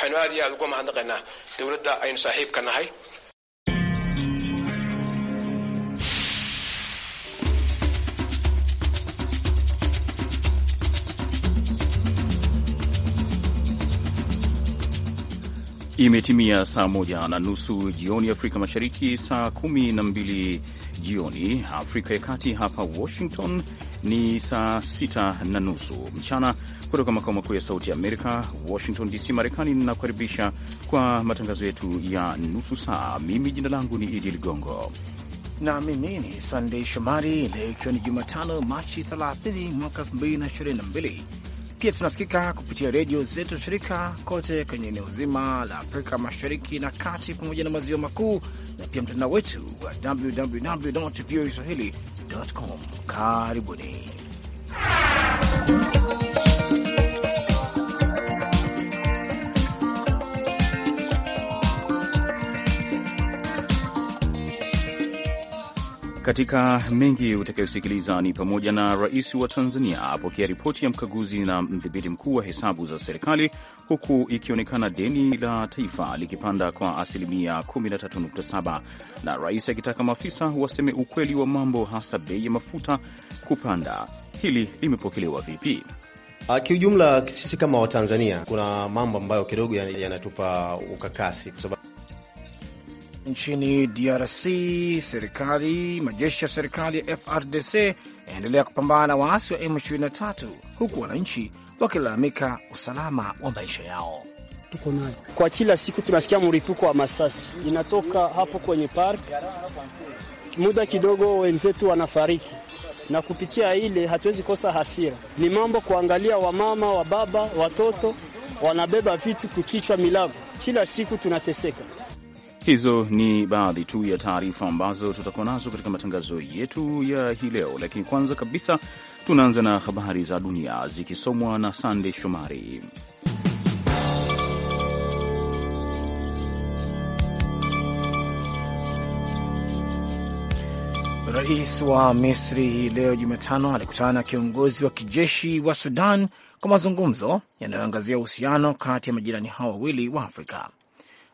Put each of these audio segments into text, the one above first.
waxaynu aad iyo aad uga mahadnaqaynaa dowladda aynu saaxiibka nahay Imetimia saa moja na nusu jioni Afrika Mashariki, saa kumi na mbili jioni Afrika ya Kati. Hapa Washington ni saa sita na nusu mchana kutoka makao makuu ya Sauti ya Amerika, Washington DC, Marekani. Ninakukaribisha kwa matangazo yetu ya nusu saa. Mimi jina langu ni Idi Ligongo na mimi ni Sandei Shomari. Leo ikiwa ni Jumatano, Machi 30 mwaka 2022 pia tunasikika kupitia redio zetu shirika kote kwenye eneo zima la Afrika Mashariki na Kati pamoja na maziwa makuu, na pia mtandao wetu wa www voa Karibuni. Katika mengi utakayosikiliza ni pamoja na rais wa Tanzania apokea ripoti ya mkaguzi na mdhibiti mkuu wa hesabu za serikali, huku ikionekana deni la taifa likipanda kwa asilimia 13.7, na rais akitaka maafisa waseme ukweli wa mambo, hasa bei ya mafuta kupanda. Hili limepokelewa vipi? Ah, kiujumla, sisi kama Watanzania kuna mambo ambayo kidogo yanatupa ukakasi kwa sababu nchini DRC, serikali majeshi ya serikali ya FRDC yaendelea kupambana na waasi wa M23 huku wananchi wakilalamika usalama wa maisha yao. Tuko kwa kila siku, tunasikia mripuko wa masasi inatoka hapo kwenye park, muda kidogo wenzetu wanafariki na kupitia ile hatuwezi kosa hasira. Ni mambo kuangalia wamama, wababa, watoto wanabeba vitu kukichwa milago, kila siku tunateseka. Hizo ni baadhi tu ya taarifa ambazo tutakuwa nazo katika matangazo yetu ya hii leo, lakini kwanza kabisa tunaanza na habari za dunia zikisomwa na Sande Shomari. Rais wa Misri hii leo Jumatano alikutana na kiongozi wa kijeshi wa Sudan kwa mazungumzo yanayoangazia uhusiano kati ya majirani hao wawili wa Afrika.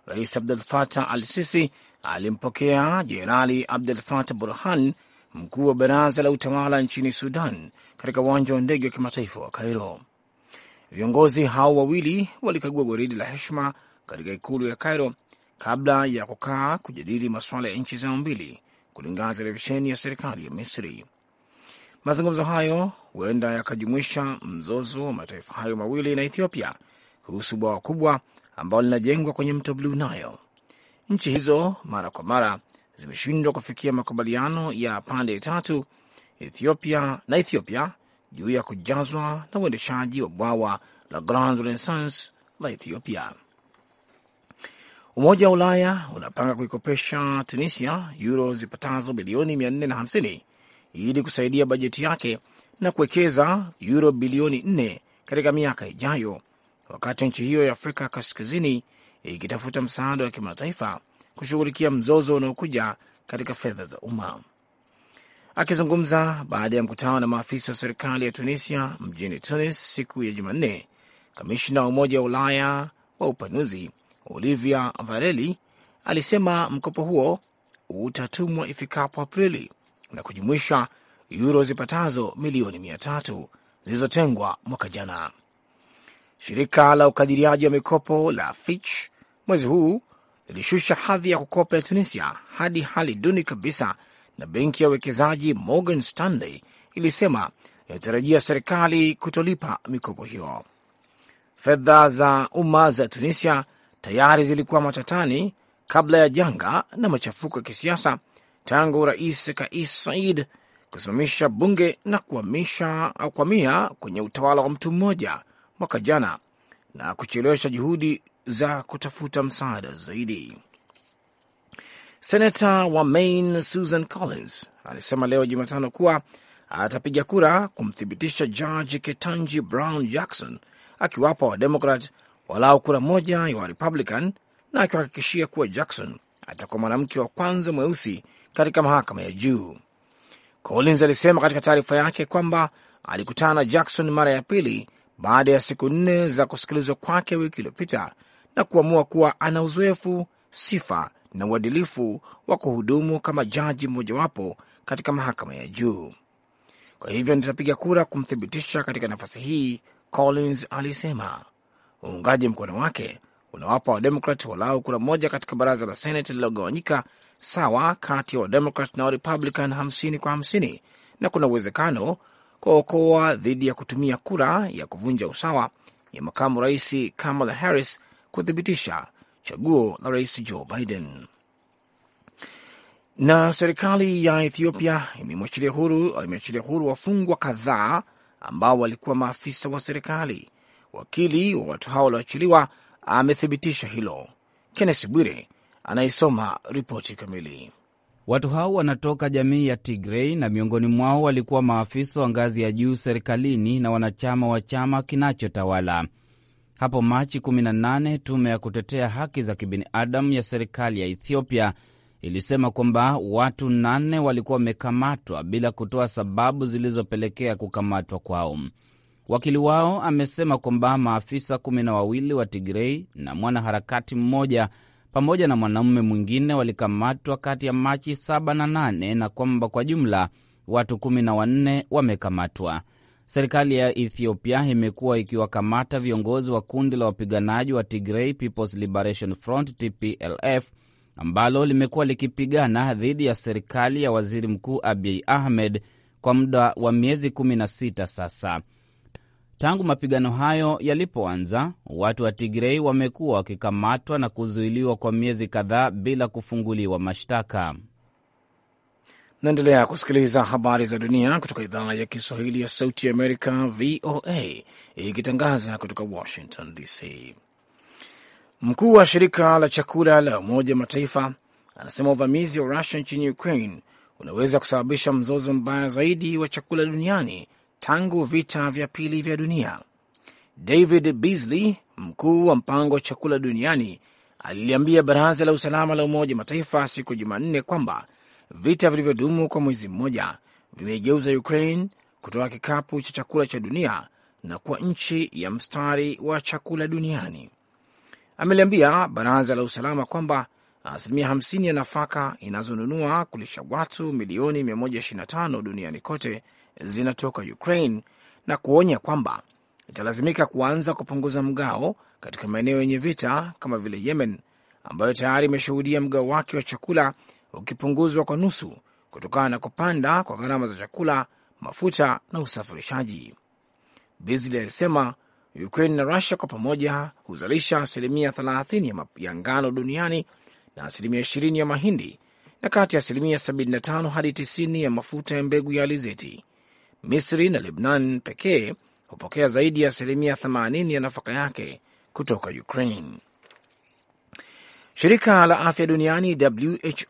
Rais Abdul Fatah al Sisi alimpokea Jenerali Abdul Fatah Burhan, mkuu wa baraza la utawala nchini Sudan, katika uwanja wa ndege wa kimataifa wa Kairo. Viongozi hao wawili walikagua gwaridi la heshima katika ikulu ya Cairo kabla ya kukaa kujadili masuala ya nchi zao mbili, kulingana na televisheni ya serikali ya Misri. Mazungumzo hayo huenda yakajumuisha mzozo wa mataifa hayo mawili na Ethiopia kuhusu bwawa kubwa ambalo linajengwa kwenye mto Blue Nile. Nchi hizo mara kwa mara zimeshindwa kufikia makubaliano ya pande tatu Ethiopia na Ethiopia juu ya kujazwa na uendeshaji wa bwawa la Grand Renaissance la Ethiopia. Umoja wa Ulaya unapanga kuikopesha Tunisia euro zipatazo bilioni 450 ili kusaidia bajeti yake na kuwekeza euro bilioni 4 katika miaka ijayo wakati nchi hiyo ya Afrika Kaskazini ikitafuta msaada wa kimataifa kushughulikia mzozo unaokuja katika fedha za umma. Akizungumza baada ya mkutano na maafisa wa serikali ya Tunisia mjini Tunis siku ya Jumanne, kamishna wa Umoja wa Ulaya wa upanuzi Olivia Vareli alisema mkopo huo utatumwa ifikapo Aprili na kujumuisha yuro zipatazo milioni mia tatu zilizotengwa mwaka jana. Shirika la ukadiriaji wa mikopo la Fitch mwezi huu lilishusha hadhi ya kukopa ya Tunisia hadi hali duni kabisa, na benki ya uwekezaji Morgan Stanley ilisema inatarajia serikali kutolipa mikopo hiyo. Fedha za umma za Tunisia tayari zilikuwa matatani kabla ya janga na machafuko ya kisiasa tangu Rais Kais Said kusimamisha bunge na kuhamia kwenye utawala wa mtu mmoja mwaka jana na kuchelewesha juhudi za kutafuta msaada zaidi. Senata wa Maine Susan Collins alisema leo Jumatano kuwa atapiga kura kumthibitisha Jaji Ketanji Brown Jackson akiwapa Wademokrat walau kura moja ya Warepublican na akiwahakikishia kuwa Jackson atakuwa mwanamke wa kwanza mweusi katika mahakama ya juu. Collins alisema katika taarifa yake kwamba alikutana na Jackson mara ya pili baada ya siku nne za kusikilizwa kwake wiki iliyopita na kuamua kuwa ana uzoefu, sifa na uadilifu wa kuhudumu kama jaji mmojawapo katika mahakama ya juu. Kwa hivyo nitapiga kura kumthibitisha katika nafasi hii, Collins alisema. Uungaji mkono wake unawapa Wademokrat walau kura moja katika baraza la Senate lililogawanyika sawa kati ya Wademokrat na Warepublican 50 kwa 50 na kuna uwezekano kuwaokoa dhidi ya kutumia kura ya kuvunja usawa ya makamu rais Kamala Harris kuthibitisha chaguo la rais Joe Biden. Na serikali ya Ethiopia imemwachilia huru, imeachilia huru wafungwa kadhaa ambao walikuwa maafisa wa serikali. Wakili wa watu hao walioachiliwa amethibitisha hilo. kennes Bwire anayesoma ripoti kamili. Watu hao wanatoka jamii ya Tigrei na miongoni mwao walikuwa maafisa wa ngazi ya juu serikalini na wanachama wa chama kinachotawala. Hapo Machi 18 tume ya kutetea haki za kibinadamu ya serikali ya Ethiopia ilisema kwamba watu nane walikuwa wamekamatwa bila kutoa sababu zilizopelekea kukamatwa kwao. Wakili wao amesema kwamba maafisa kumi na wawili wa Tigrei na mwanaharakati mmoja pamoja na mwanaume mwingine walikamatwa kati ya Machi 7 na 8 na kwamba kwa jumla watu 1 wanne wamekamatwa. Serikali ya Ethiopia imekuwa ikiwakamata viongozi wa kundi la wapiganaji wa Tigray People's Liberation Front TPLF ambalo limekuwa likipigana dhidi ya serikali ya waziri mkuu Abiy Ahmed kwa muda wa miezi 16 sasa. Tangu mapigano hayo yalipoanza, watu wa Tigrei wamekuwa wakikamatwa na kuzuiliwa kwa miezi kadhaa bila kufunguliwa mashtaka. Naendelea kusikiliza habari za dunia kutoka idhaa ya Kiswahili ya Sauti ya Amerika, VOA, ikitangaza kutoka Washington DC. Mkuu wa shirika la chakula la Umoja wa Mataifa anasema uvamizi wa Rusia nchini Ukraine unaweza kusababisha mzozo mbaya zaidi wa chakula duniani tangu vita vya pili vya dunia. David Beasley, mkuu wa mpango wa chakula duniani, aliliambia baraza la usalama la Umoja wa Mataifa siku ya Jumanne kwamba vita vilivyodumu kwa mwezi mmoja vimeigeuza Ukraine kutoka kikapu cha chakula cha dunia na kuwa nchi ya mstari wa chakula duniani. Ameliambia baraza la usalama kwamba asilimia 50 ya nafaka inazonunua kulisha watu milioni 125 duniani kote zinatoka Ukraine na kuonya kwamba italazimika kuanza kupunguza mgao katika maeneo yenye vita kama vile Yemen ambayo tayari imeshuhudia mgao wake wa chakula ukipunguzwa kwa nusu kutokana na kupanda kwa gharama za chakula, mafuta na usafirishaji. Bizli alisema Ukraine na Rusia kwa pamoja huzalisha asilimia 30 ya ngano duniani na asilimia 20 ya mahindi na kati ya asilimia 75 hadi 90 ya mafuta ya mbegu ya alizeti. Misri na Lebnan pekee hupokea zaidi ya asilimia 80 ya nafaka yake kutoka Ukraine. Shirika la afya duniani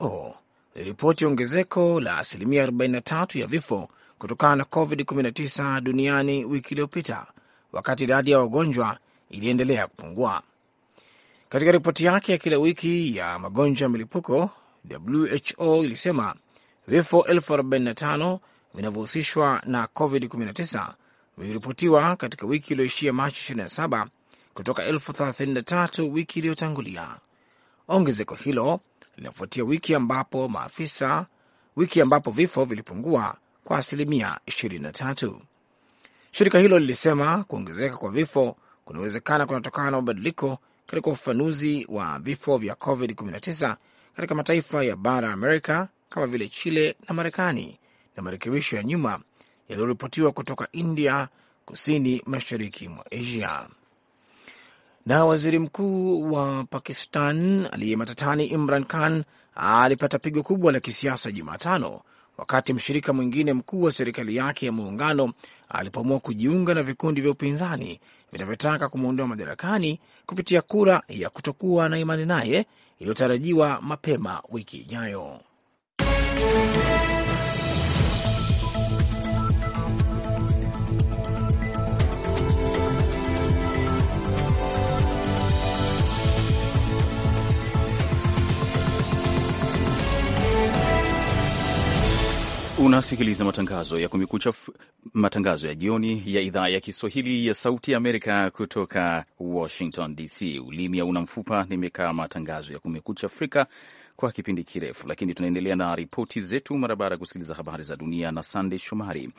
WHO liliripoti ongezeko la asilimia 43 ya vifo kutokana na COVID-19 duniani wiki iliyopita, wakati idadi ya wagonjwa iliendelea kupungua. Katika ripoti yake ya kila wiki ya magonjwa ya milipuko, WHO ilisema vifo elfu 45 vinavyohusishwa na COVID-19 viliripotiwa katika wiki iliyoishia Machi 27 kutoka 33 wiki iliyotangulia. Ongezeko hilo linafuatia wiki ambapo maafisa wiki ambapo vifo vilipungua kwa asilimia 23. Shirika hilo lilisema kuongezeka kwa vifo kunawezekana kunatokana na mabadiliko katika ufafanuzi wa vifo vya COVID-19 katika mataifa ya bara Amerika kama vile Chile na Marekani na marekebisho ya nyuma yaliyoripotiwa kutoka India, kusini mashariki mwa Asia. Na waziri mkuu wa Pakistan aliye matatani Imran Khan alipata pigo kubwa la kisiasa Jumatano wakati mshirika mwingine mkuu wa serikali yake ya muungano alipoamua kujiunga na vikundi vya upinzani vinavyotaka kumwondoa madarakani kupitia kura ya kutokuwa na imani naye iliyotarajiwa mapema wiki ijayo. Unasikiliza matangazo ya Kumekucha, matangazo ya jioni ya idhaa ya Kiswahili ya Sauti Amerika kutoka Washington DC. Ulimi hauna mfupa, nimekaa matangazo ya Kumekucha Afrika kwa kipindi kirefu, lakini tunaendelea na ripoti zetu mara baada ya kusikiliza habari za dunia na Sandey Shomari.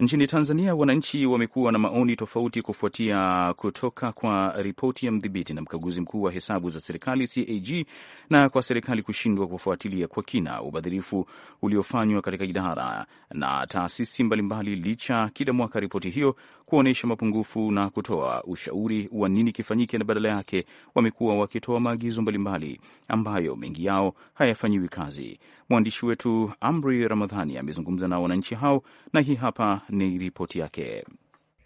Nchini Tanzania, wananchi wamekuwa na maoni tofauti kufuatia kutoka kwa ripoti ya mdhibiti na mkaguzi mkuu wa hesabu za serikali CAG na kwa serikali kushindwa kufuatilia kwa kina ubadhirifu uliofanywa katika idara na taasisi mbalimbali, licha kila mwaka ripoti hiyo kuonyesha mapungufu na kutoa ushauri wa nini kifanyike, na badala yake wamekuwa wakitoa maagizo mbalimbali ambayo mengi yao hayafanyiwi kazi. Mwandishi wetu Amri Ramadhani amezungumza na wananchi hao na hii hapa ni ripoti yake.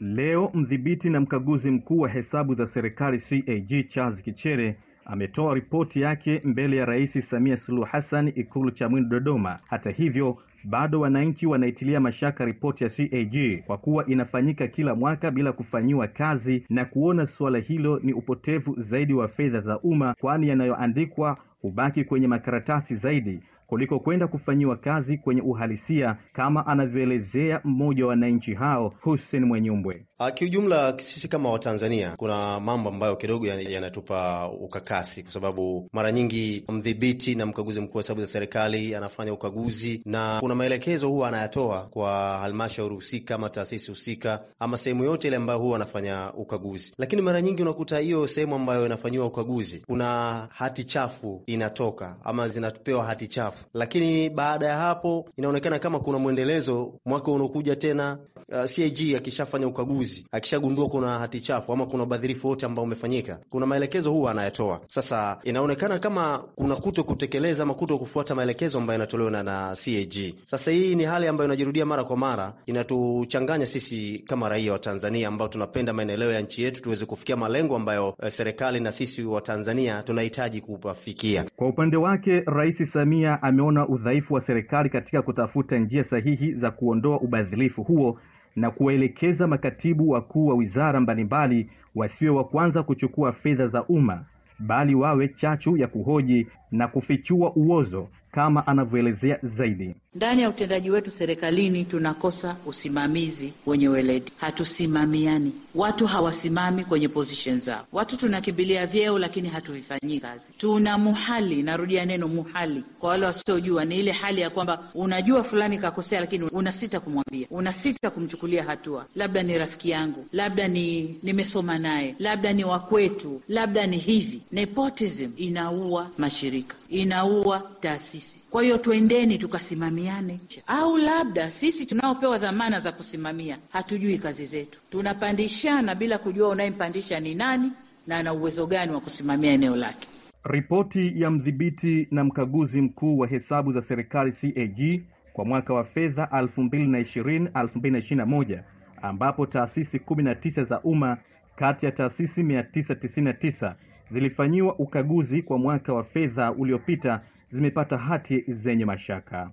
Leo mdhibiti na mkaguzi mkuu wa hesabu za serikali CAG Charles Kichere ametoa ripoti yake mbele ya Rais Samia Suluhu Hassan Ikulu Chamwino, Dodoma. Hata hivyo bado wananchi wanaitilia mashaka ripoti ya CAG kwa kuwa inafanyika kila mwaka bila kufanyiwa kazi na kuona suala hilo ni upotevu zaidi wa fedha za umma, kwani yanayoandikwa hubaki kwenye makaratasi zaidi kuliko kwenda kufanyiwa kazi kwenye uhalisia, kama anavyoelezea mmoja wa wananchi hao, Hussein Mwenyumbwe. Ah, kiujumla sisi kama Watanzania kuna mambo ambayo kidogo yanatupa ukakasi, kwa sababu mara nyingi mdhibiti na mkaguzi mkuu wa hesabu za serikali anafanya ukaguzi na kuna maelekezo huwa anayatoa kwa halmashauri husika ama taasisi husika ama sehemu yote ile ambayo huwa anafanya ukaguzi, lakini mara nyingi unakuta hiyo sehemu ambayo inafanyiwa ukaguzi kuna hati chafu inatoka ama zinapewa hati chafu, lakini baada ya hapo inaonekana kama kuna mwendelezo mwaka unaokuja tena. Uh, ah, CAG akishafanya ukaguzi wizi, akishagundua kuna hati chafu ama kuna ubadhirifu wote ambao umefanyika, kuna maelekezo huwa anayatoa. Sasa inaonekana kama kuna kuto kutekeleza ama kuto kufuata maelekezo ambayo yanatolewa na, na CAG. Sasa hii ni hali ambayo inajirudia mara kwa mara, inatuchanganya sisi kama raia wa Tanzania ambao tunapenda maendeleo ya nchi yetu tuweze kufikia malengo ambayo eh, serikali na sisi wa Tanzania tunahitaji kupafikia. Kwa upande wake, Rais Samia ameona udhaifu wa serikali katika kutafuta njia sahihi za kuondoa ubadhilifu huo na kuwaelekeza makatibu wakuu wa wizara mbalimbali wasiwe wa kwanza kuchukua fedha za umma, bali wawe chachu ya kuhoji na kufichua uozo kama anavyoelezea zaidi. Ndani ya utendaji wetu serikalini tunakosa usimamizi wenye weledi, hatusimamiani, watu hawasimami kwenye position zao, watu tunakimbilia vyeo lakini hatuvifanyii kazi. Tuna muhali, narudia neno muhali kwa wale wasiojua, ni ile hali ya kwamba unajua fulani kakosea, lakini unasita kumwambia, unasita kumchukulia hatua. Labda ni rafiki yangu, labda ni nimesoma naye, labda ni wakwetu, labda ni hivi. Nepotism inaua mashirika, inaua taasisi sisi. Kwa hiyo tuendeni tukasimamiane, au labda sisi tunaopewa dhamana za kusimamia hatujui kazi zetu, tunapandishana bila kujua unayempandisha ni nani na ana uwezo gani wa kusimamia eneo lake. Ripoti ya mdhibiti na mkaguzi mkuu wa hesabu za serikali CAG kwa mwaka wa fedha 2020-2021 ambapo taasisi 19 za umma kati ya taasisi 999 zilifanyiwa ukaguzi kwa mwaka wa fedha uliopita zimepata hati zenye mashaka.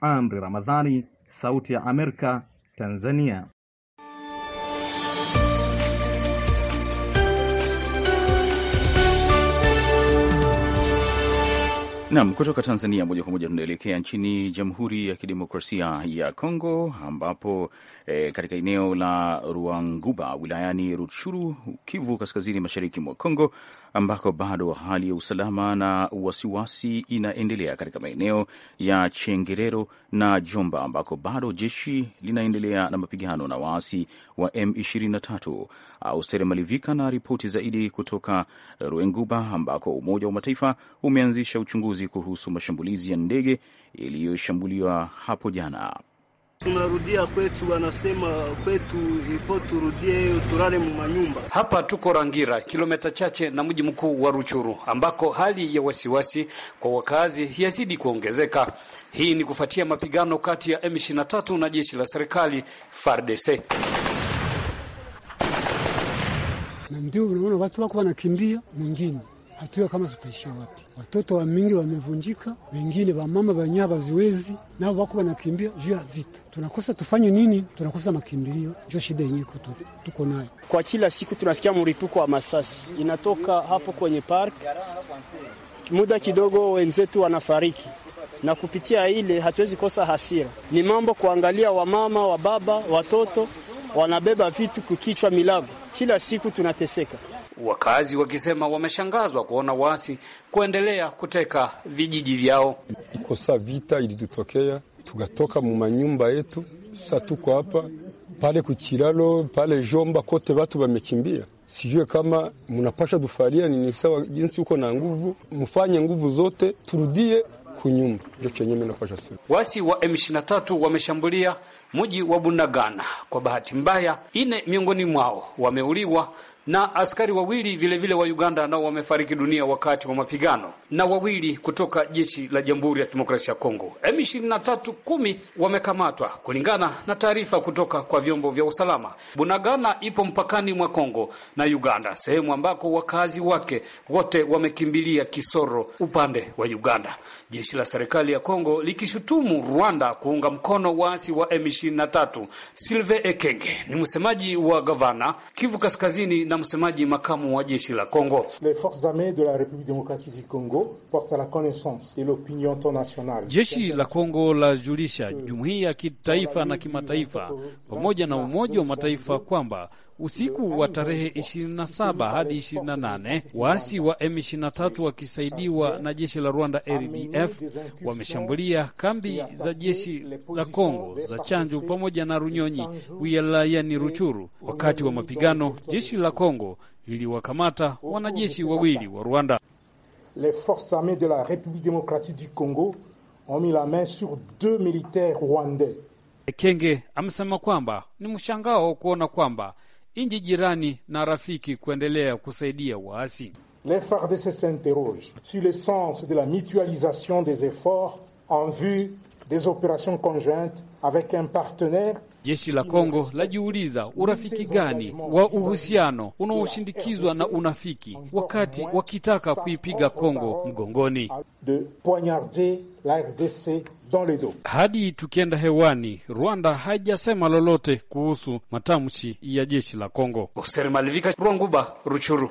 Amri Ramadhani, Sauti ya Amerika, Tanzania. Nam, kutoka Tanzania moja kwa moja tunaelekea nchini Jamhuri ya Kidemokrasia ya Kongo, ambapo e, katika eneo la Ruanguba wilayani Rutshuru, Kivu Kaskazini, mashariki mwa Kongo, ambako bado hali ya usalama na wasiwasi inaendelea katika maeneo ya Chengerero na Jomba, ambako bado jeshi linaendelea na mapigano na waasi wa M23. Austere Malivika na ripoti zaidi kutoka Ruenguba, ambako Umoja wa Mataifa umeanzisha uchunguzi kuhusu mashambulizi ya ndege iliyoshambuliwa hapo jana. Tunarudia kwetu, wanasema kwetu ifo, turudie turare mu manyumba. Hapa tuko Rangira, kilomita chache na mji mkuu wa Ruchuru, ambako hali ya wasiwasi kwa wakazi yazidi kuongezeka. Hii ni kufuatia mapigano kati ya M23 na jeshi la serikali FARDC, na ndio unaona watu wako wanakimbia mwingine hatuyo kama tutaishia wapi. Watoto wa mingi wamevunjika, wengine wamama wanyaa waziwezi nao wako wanakimbia juu ya vita. Tunakosa tufanye nini? Tunakosa makimbilio, ndio shida yenyewe tuko nayo kwa kila siku. Tunasikia mripuko wa masasi inatoka hapo kwenye park, muda kidogo wenzetu wanafariki na kupitia ile hatuwezi kosa hasira. Ni mambo kuangalia wamama, wababa, watoto wanabeba vitu kukichwa milago, kila siku tunateseka wakazi wakisema wameshangazwa kuona waasi kuendelea kuteka vijiji vyao. Iko saa vita ilitutokea, tukatoka mu manyumba yetu, sa tuko hapa pale kuchiralo pale Jomba kote watu wamekimbia. Sijue kama munapasha dufaria nini, sawa, jinsi uko na nguvu, mfanye nguvu zote turudie kunyumba, ndio chenye minapasha sema. Wasi wa M23 wameshambulia mji wa Bunagana. Kwa bahati mbaya, ine miongoni mwao wameuliwa na askari wawili vilevile vile wa Uganda nao wamefariki dunia wakati wa mapigano, na wawili kutoka jeshi la Jamhuri ya Kidemokrasia ya Kongo M23 kumi wamekamatwa kulingana na taarifa kutoka kwa vyombo vya usalama. Bunagana ipo mpakani mwa Kongo na Uganda, sehemu ambako wakazi wake wote wamekimbilia Kisoro upande wa Uganda. Jeshi la serikali ya Kongo likishutumu Rwanda kuunga mkono waasi wa M23. Silve Ekenge ni msemaji wa gavana Kivu Kaskazini na msemaji makamu wa jeshi la Kongo. Les forces armees de la République démocratique du Congo portent la connaissance et l'opinion internationale. Jeshi la Kongo lajulisha jumuiya ya kitaifa na kimataifa pamoja na Umoja wa Mataifa kwamba Usiku wa tarehe 27 hadi 28 waasi wa M23 wakisaidiwa na jeshi la Rwanda RDF wameshambulia kambi za jeshi la Kongo za Chanjo pamoja na Runyonyi wilayani Ruchuru. Wakati wa mapigano, jeshi la Kongo liliwakamata wanajeshi wawili wa Rwanda. Les forces de la République démocratique du Congo ont mis la main sur deux militaires rwandais. amesema kwamba ni mshangao kuona kwamba nchi jirani na rafiki Les FARDC s'interrogent sur le sens de la mutualisation des efforts en vue des opérations conjointes avec un partenaire Jeshi la Kongo lajiuliza urafiki gani wa uhusiano unaoshindikizwa na unafiki, wakati wakitaka kuipiga Kongo mgongoni. Hadi tukienda hewani, Rwanda haijasema lolote kuhusu matamshi ya jeshi la Kongo. Malivika, Rwanguba, Ruchuru.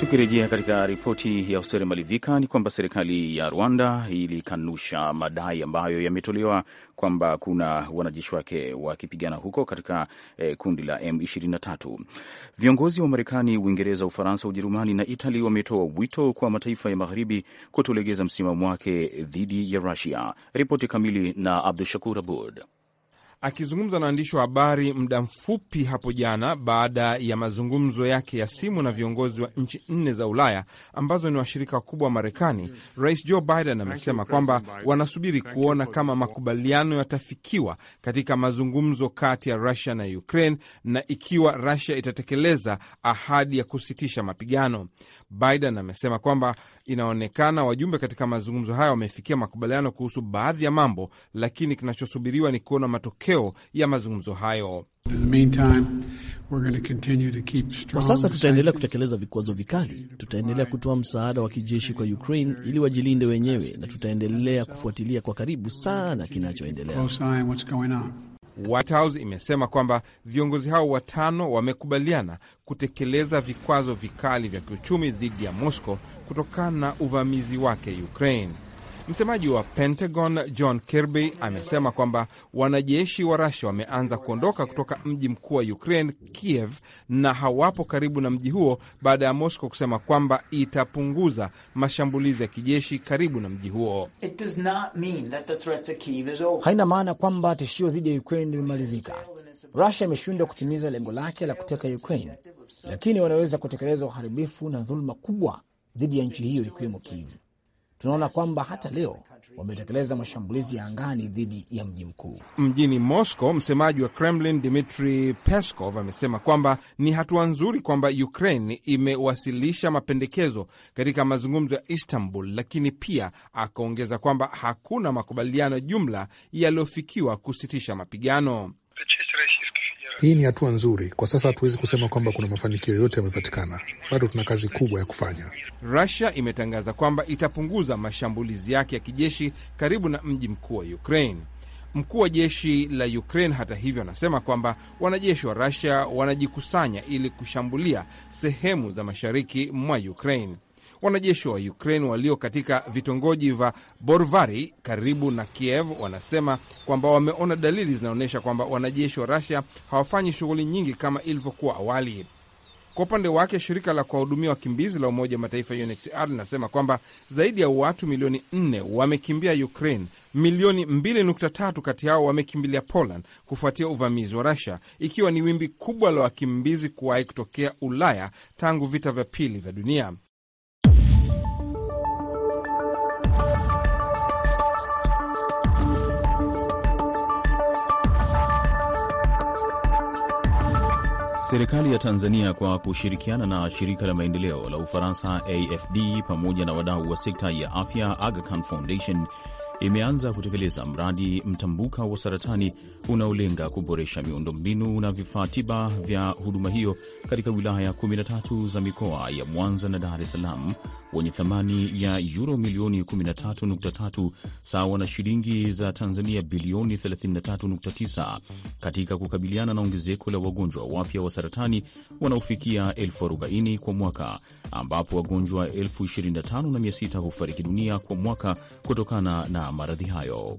Tukirejea katika ripoti ya Hosteri Malivika ni kwamba serikali ya Rwanda ilikanusha madai ambayo yametolewa kwamba kuna wanajeshi wake wakipigana huko katika eh, kundi la M23. Viongozi wa Marekani, Uingereza, Ufaransa, Ujerumani na Itali wametoa wito kwa mataifa ya Magharibi kutolegeza msimamo wake dhidi ya Rusia. Ripoti kamili na Abdu Shakur Abud. Akizungumza na waandishi wa habari muda mfupi hapo jana baada ya mazungumzo yake ya simu na viongozi wa nchi nne za Ulaya ambazo ni washirika wakubwa wa Marekani, Rais Joe Biden amesema kwamba wanasubiri kuona kama makubaliano yatafikiwa katika mazungumzo kati ya Rusia na Ukraine na ikiwa Rusia itatekeleza ahadi ya kusitisha mapigano. Biden amesema kwamba inaonekana wajumbe katika mazungumzo hayo wamefikia makubaliano kuhusu baadhi ya mambo, lakini kinachosubiriwa ni kuona matokeo matokeo ya mazungumzo hayo. Kwa sasa tutaendelea kutekeleza vikwazo vikali, tutaendelea kutoa msaada wa kijeshi kwa Ukraine ili wajilinde wenyewe, na tutaendelea kufuatilia kwa karibu sana kinachoendelea. White House imesema kwamba viongozi hao watano wamekubaliana kutekeleza vikwazo vikali vya kiuchumi dhidi ya Moscow kutokana na uvamizi wake Ukraine. Msemaji wa Pentagon John Kirby amesema kwamba wanajeshi wa rasia wameanza kuondoka kutoka mji mkuu wa Ukraine, Kiev, na hawapo karibu na mji huo baada ya Moscow kusema kwamba itapunguza mashambulizi ya kijeshi karibu na mji huo. Haina maana kwamba tishio dhidi ya Ukraine limemalizika. Rusia imeshindwa kutimiza lengo lake la kuteka Ukraine, lakini wanaweza kutekeleza uharibifu na dhuluma kubwa dhidi ya nchi hiyo ikiwemo Kiev tunaona kwamba hata leo wametekeleza mashambulizi ya angani dhidi ya mji mkuu. Mjini Moscow, msemaji wa Kremlin Dmitri Peskov amesema kwamba ni hatua nzuri kwamba Ukraine imewasilisha mapendekezo katika mazungumzo ya Istanbul, lakini pia akaongeza kwamba hakuna makubaliano jumla yaliyofikiwa kusitisha mapigano. Hii ni hatua nzuri. Kwa sasa hatuwezi kusema kwamba kuna mafanikio yote yamepatikana, bado tuna kazi kubwa ya kufanya. Rusia imetangaza kwamba itapunguza mashambulizi yake ya kijeshi karibu na mji mkuu wa Ukraine. Mkuu wa jeshi la Ukraine hata hivyo, anasema kwamba wanajeshi wa Rusia wanajikusanya ili kushambulia sehemu za mashariki mwa Ukraine. Wanajeshi wa Ukraine walio katika vitongoji vya Borvari karibu na Kiev wanasema kwamba wameona dalili zinaonyesha kwamba wanajeshi wa Rusia hawafanyi shughuli nyingi kama ilivyokuwa awali. Kwa upande wake shirika la kuwahudumia wakimbizi la Umoja wa Mataifa UNHCR linasema kwamba zaidi ya watu milioni nne wamekimbia Ukraine, milioni 2.3 kati yao wamekimbilia Poland kufuatia uvamizi wa rusia ikiwa ni wimbi kubwa la wakimbizi kuwahi kutokea Ulaya tangu vita vya pili vya dunia. Serikali ya Tanzania kwa kushirikiana na shirika la maendeleo la Ufaransa AFD pamoja na wadau wa sekta ya afya Aga Khan Foundation imeanza kutekeleza mradi mtambuka wa saratani unaolenga kuboresha miundombinu na vifaa tiba vya huduma hiyo katika wilaya 13 za mikoa ya Mwanza na Dar es Salaam wenye thamani ya yuro milioni 13.3 sawa na shilingi za Tanzania bilioni 33.9 katika kukabiliana na ongezeko la wagonjwa wapya wa saratani wanaofikia elfu arobaini kwa mwaka ambapo wagonjwa 25,600 hufariki dunia kwa mwaka kutokana na maradhi hayo.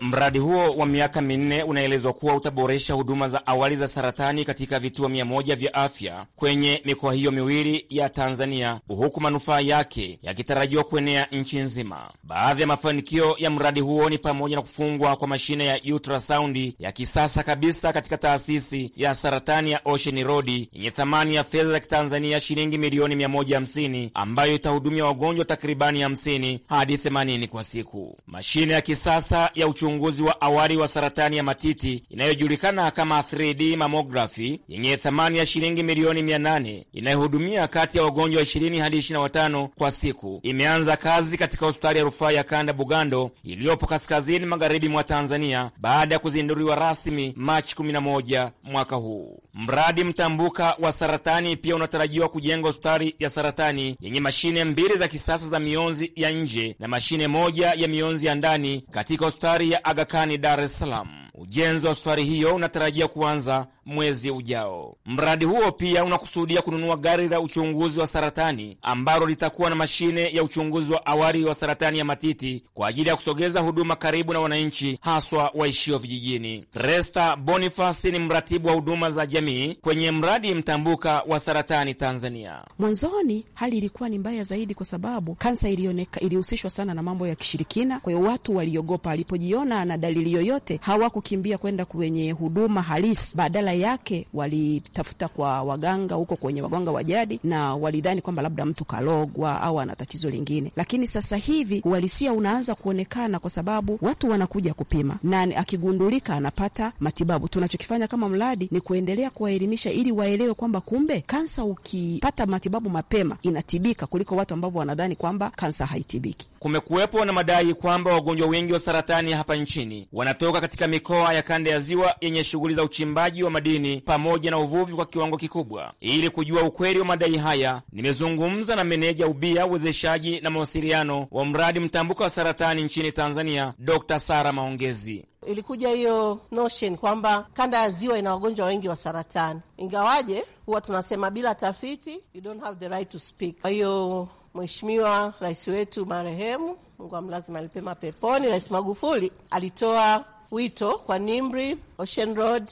Mradi huo wa miaka minne unaelezwa kuwa utaboresha huduma za awali za saratani katika vituo mia moja vya afya kwenye mikoa hiyo miwili ya Tanzania, huku manufaa yake yakitarajiwa kuenea nchi nzima. Baadhi ya mafanikio ya mradi huo ni pamoja na kufungwa kwa mashine ya ultrasound ya kisasa kabisa katika taasisi ya saratani ya Ocean Road yenye thamani ya fedha za kitanzania shilingi milioni 150 ambayo itahudumia wagonjwa takribani 50 hadi 80 kwa siku. Mashine ya kisasa ya uchu uchunguzi wa awali wa saratani ya matiti inayojulikana kama 3D mamografi yenye thamani ya shilingi milioni 800 inayohudumia kati ya wagonjwa 20 hadi 25 kwa siku imeanza kazi katika hospitali ya rufaa ya kanda Bugando iliyopo kaskazini magharibi mwa Tanzania baada ya kuzinduliwa rasmi Machi 11 mwaka huu. Mradi mtambuka wa saratani pia unatarajiwa kujenga hospitali ya saratani yenye mashine mbili za kisasa za mionzi ya nje na mashine moja ya mionzi ya ndani katika hospitali ya Aga Khan, Dar es Salaam. Ujenzi wa safari hiyo unatarajia kuanza mwezi ujao. Mradi huo pia unakusudia kununua gari la uchunguzi wa saratani ambalo litakuwa na mashine ya uchunguzi wa awali wa saratani ya matiti kwa ajili ya kusogeza huduma karibu na wananchi, haswa waishio vijijini. Resta Bonifasi ni mratibu wa huduma za jamii kwenye mradi mtambuka wa saratani Tanzania. Mwanzoni hali ilikuwa ni mbaya zaidi, kwa sababu kansa ilihusishwa sana na mambo ya kishirikina. Kwa hiyo watu waliogopa, alipojiona na dalili yoyote hawaku kukimbia kwenda kwenye huduma halisi, badala yake walitafuta kwa waganga huko kwenye waganga wa jadi, na walidhani kwamba labda mtu kalogwa au ana tatizo lingine. Lakini sasa hivi uhalisia unaanza kuonekana kwa sababu watu wanakuja kupima na akigundulika anapata matibabu. Tunachokifanya kama mradi ni kuendelea kuwaelimisha ili waelewe kwamba kumbe kansa ukipata matibabu mapema inatibika kuliko watu ambavyo wanadhani kwamba kansa haitibiki. Kumekuwepo na madai kwamba wagonjwa wengi wa saratani hapa nchini wanatoka katika mikoa mikoa ya kanda ya ziwa yenye shughuli za uchimbaji wa madini pamoja na uvuvi kwa kiwango kikubwa. Ili kujua ukweli wa madai haya, nimezungumza na meneja ubia, uwezeshaji na mawasiliano wa mradi mtambuko wa saratani nchini Tanzania, Dr. Sara Maongezi. Ilikuja hiyo notion kwamba kanda ya ziwa ina wagonjwa wengi wa saratani, ingawaje huwa tunasema bila tafiti, you don't have the right to speak. Kwa hiyo Mheshimiwa Rais wetu marehemu, Mungu amlazima alipema peponi, Rais Magufuli alitoa wito kwa NIMR, Ocean Road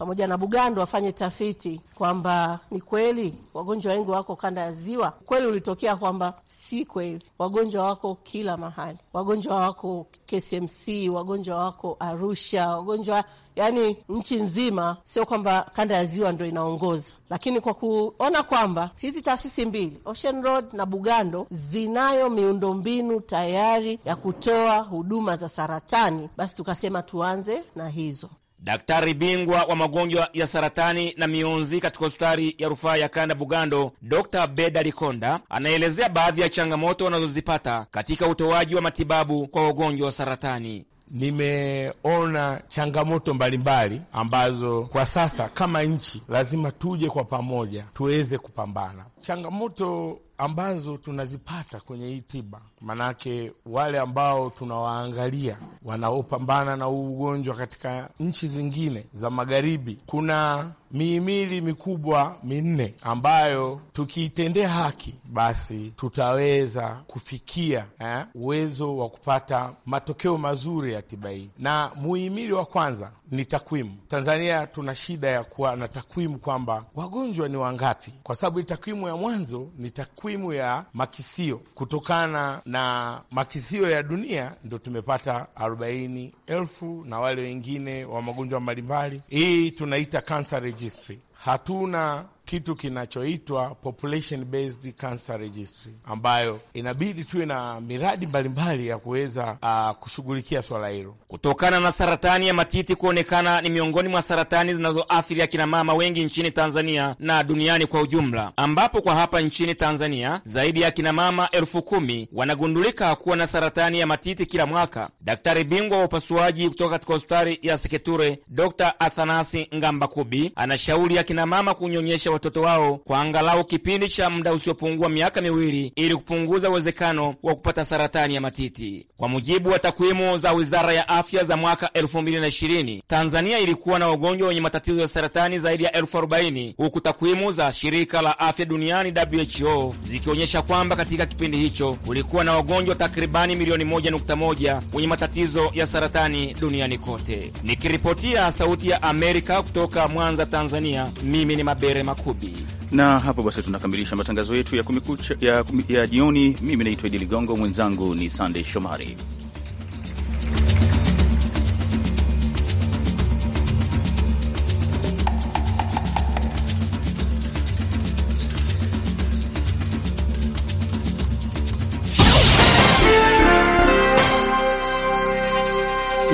pamoja na Bugando wafanye tafiti kwamba ni kweli wagonjwa wengi wako kanda ya Ziwa. Kweli ulitokea kwamba si kweli, wagonjwa wako kila mahali, wagonjwa wako KCMC, wagonjwa wako Arusha, wagonjwa yani nchi nzima, sio kwamba kanda ya Ziwa ndo inaongoza. Lakini kwa kuona kwamba hizi taasisi mbili Ocean Road na Bugando zinayo miundombinu tayari ya kutoa huduma za saratani, basi tukasema tuanze na hizo. Daktari bingwa wa magonjwa ya saratani na mionzi katika hospitali ya rufaa ya kanda Bugando, Dr Beda Likonda anaelezea baadhi ya changamoto wanazozipata katika utoaji wa matibabu kwa wagonjwa wa saratani. Nimeona changamoto mbalimbali mbali ambazo kwa sasa kama nchi lazima tuje kwa pamoja tuweze kupambana. Changamoto ambazo tunazipata kwenye hii tiba. Manake wale ambao tunawaangalia wanaopambana na huu ugonjwa katika nchi zingine za magharibi, kuna mihimili mikubwa minne ambayo tukiitendea haki, basi tutaweza kufikia eh, uwezo wa kupata matokeo mazuri ya tiba hii. Na muhimili wa kwanza ni takwimu. Tanzania tuna shida ya kuwa na takwimu kwamba wagonjwa ni wangapi, kwa sababu takwimu ya mwanzo ni takwimu takwimu ya makisio kutokana na makisio ya dunia ndo tumepata arobaini elfu na wale wengine wa magonjwa mbalimbali. Hii tunaita cancer registry. Hatuna kitu kinachoitwa population based cancer registry, ambayo inabidi tuwe na miradi mbalimbali ya kuweza uh, kushughulikia swala hilo, kutokana na saratani ya matiti kuonekana ni miongoni mwa saratani zinazoathiri akinamama wengi nchini Tanzania na duniani kwa ujumla, ambapo kwa hapa nchini Tanzania zaidi ya akinamama elfu kumi wanagundulika kuwa na saratani ya matiti kila mwaka. Daktari bingwa wa upasuaji kutoka katika hospitali ya Seketure Dr Athanasi Ngambakubi anashauri akinamama kunyonyesha watoto wao kwa angalau kipindi cha muda usiopungua miaka miwili ili kupunguza uwezekano wa kupata saratani ya matiti. Kwa mujibu wa takwimu za Wizara ya Afya za mwaka 2020, Tanzania ilikuwa na wagonjwa wenye matatizo ya saratani zaidi ya elfu huku takwimu za Shirika la Afya Duniani WHO zikionyesha kwamba katika kipindi hicho kulikuwa na wagonjwa takribani milioni 1.1 wenye matatizo ya saratani duniani kote. Nikiripotia Sauti ya Amerika kutoka Mwanza, Tanzania, mimi ni Mabere Makuru. Nairobi. Na hapo basi tunakamilisha matangazo yetu ya, kumikucha, ya, ya jioni. Mimi naitwa Idi Ligongo, mwenzangu ni Sandey Shomari.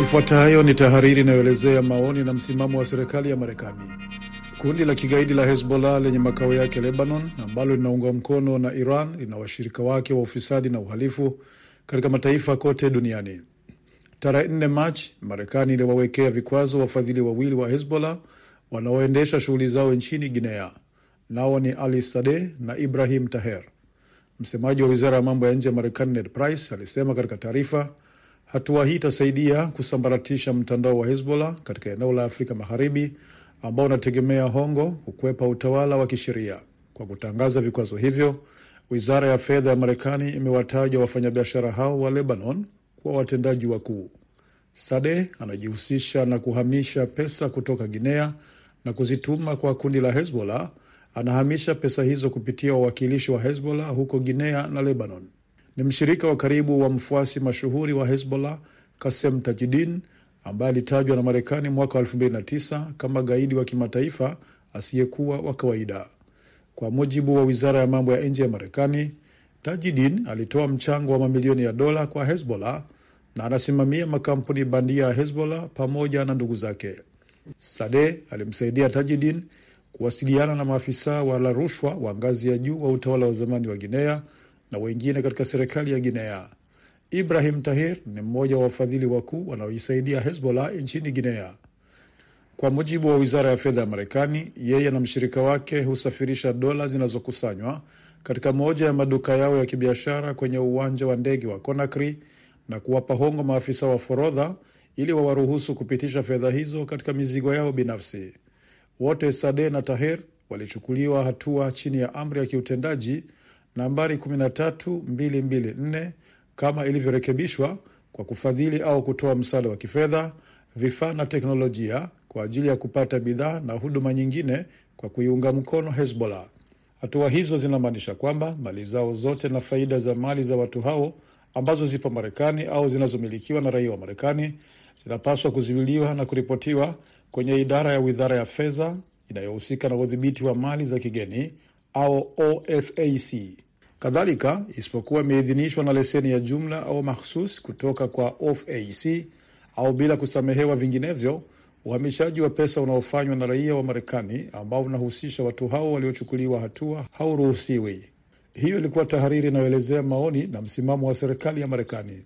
Ifuatayo ni tahariri inayoelezea maoni na msimamo wa serikali ya Marekani. Kundi la kigaidi la Hezbollah lenye makao yake Lebanon, ambalo linaungwa mkono na Iran, lina washirika wake wa ufisadi na uhalifu katika mataifa kote duniani. Tarehe 4 Machi, Marekani iliwawekea vikwazo wafadhili wawili wa Hezbollah wanaoendesha shughuli zao nchini Guinea. Nao ni Ali Sade na Ibrahim Taher. Msemaji wa wizara ya mambo ya nje ya Marekani Ned Price alisema katika taarifa, hatua hii itasaidia kusambaratisha mtandao wa Hezbollah katika eneo la Afrika Magharibi ambao unategemea hongo kukwepa utawala wa kisheria. Kwa kutangaza vikwazo hivyo, wizara ya fedha ya Marekani imewataja wafanyabiashara hao wa Lebanon kuwa watendaji wakuu. Sade anajihusisha na kuhamisha pesa kutoka Guinea na kuzituma kwa kundi la Hezbollah. Anahamisha pesa hizo kupitia wawakilishi wa Hezbollah huko Guinea na Lebanon. Ni mshirika wa karibu wa mfuasi mashuhuri wa Hezbollah Kasem Tajidin ambaye alitajwa na Marekani mwaka wa 2009 kama gaidi wa kimataifa asiyekuwa wa kawaida. Kwa mujibu wa wizara ya mambo ya nje ya Marekani, Tajidin alitoa mchango wa mamilioni ya dola kwa Hezbollah na anasimamia makampuni bandia ya Hezbollah pamoja na ndugu zake. Sade alimsaidia Tajidin kuwasiliana na maafisa wala rushwa wa ngazi ya juu wa utawala wa zamani wa Guinea na wengine katika serikali ya Guinea. Ibrahim Tahir ni mmoja wa wafadhili wakuu wanaoisaidia Hezbollah nchini Guinea. Kwa mujibu wa wizara ya fedha ya Marekani, yeye na mshirika wake husafirisha dola zinazokusanywa katika moja ya maduka yao ya kibiashara kwenye uwanja wa ndege wa Conakry na kuwapa hongo maafisa wa forodha ili wawaruhusu kupitisha fedha hizo katika mizigo yao binafsi. Wote Sade na Taher walichukuliwa hatua chini ya amri ya kiutendaji nambari 13224 kama ilivyorekebishwa kwa kufadhili au kutoa msaada wa kifedha, vifaa na teknolojia kwa ajili ya kupata bidhaa na huduma nyingine kwa kuiunga mkono Hezbollah. Hatua hizo zinamaanisha kwamba mali zao zote na faida za mali za watu hao ambazo zipo Marekani au zinazomilikiwa na raia wa Marekani zinapaswa kuzuiliwa na kuripotiwa kwenye idara ya wizara ya fedha inayohusika na udhibiti wa mali za kigeni au OFAC kadhalika, isipokuwa imeidhinishwa na leseni ya jumla au makhsus kutoka kwa OFAC au bila kusamehewa vinginevyo uhamishaji wa pesa unaofanywa na raia wa Marekani ambao unahusisha watu hao waliochukuliwa hatua hauruhusiwi. Hiyo ilikuwa tahariri inayoelezea maoni na msimamo wa serikali ya Marekani.